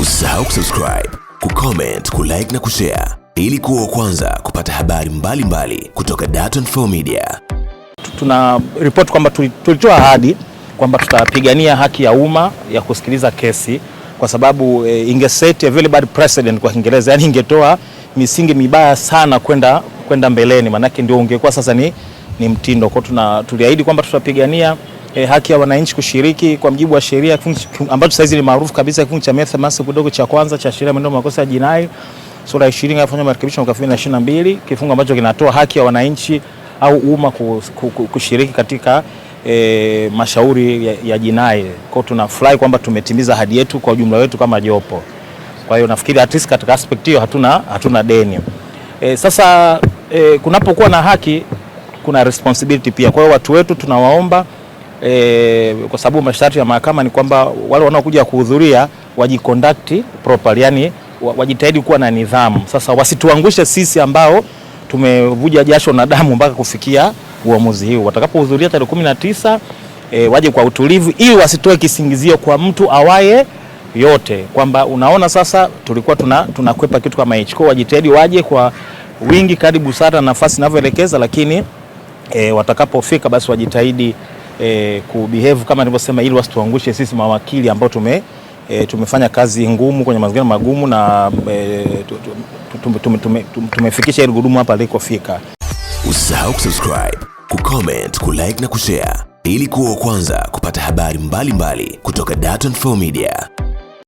Usisahau kusubscribe, kucomment, kulike na kushare ili kuwa kwanza kupata habari mbalimbali mbali kutoka Dar24 Media. Tuna ripoti kwamba tulitoa ahadi kwamba tutapigania haki ya umma ya kusikiliza kesi kwa sababu e, eh, set a very bad precedent kwa Kiingereza, yani ingetoa misingi mibaya sana kwenda kwenda mbeleni, maanake ndio ungekuwa sasa ni, ni mtindo kwao. Tuliahidi kwamba tutapigania e, haki ya wananchi kushiriki kwa mjibu wa sheria ambacho hizi ni maarufu kabisa kifungu cha mia thelathini kidogo cha kwanza cha sheria mwenendo makosa ya jinai sura ya 20 afanya marekebisho mwaka 2022, kifungu ambacho kinatoa haki ya wananchi au umma kushiriki katika e, mashauri ya, ya jinai. Kwao tunafurahi kwamba tumetimiza ahadi yetu kwa ujumla wetu kama jopo. Kwa hiyo nafikiri at least katika aspect hiyo hatuna, hatuna deni e, sasa e, kunapokuwa na haki kuna responsibility pia. Kwa hiyo watu wetu tunawaomba e, kwa sababu masharti ya mahakama ni kwamba wale wanaokuja kuhudhuria wajiconduct properly, yani wajitahidi kuwa na nidhamu. Sasa wasituangushe sisi ambao tumevuja jasho na damu mpaka kufikia uamuzi huu. Watakapohudhuria tarehe tisa e, waje kwa utulivu, ili wasitoe kisingizio kwa mtu awaye yote kwamba unaona sasa tulikuwa tuna tunakwepa kitu kama hicho. Kwa wajitahidi waje kwa wingi kadri busara na nafasi inavyoelekeza, lakini e, watakapofika basi wajitahidi e, kubehave kama nilivyosema, ili wasituangushe sisi mawakili ambao tume e, tumefanya kazi ngumu kwenye mazingira magumu na e, eh, tumefikisha tume, tume, tume, tume hapa lilikofika. Usisahau kusubscribe, kucomment, kulike na kushare ili kuwa wa kwanza kupata habari mbalimbali mbali kutoka Dar24 Media.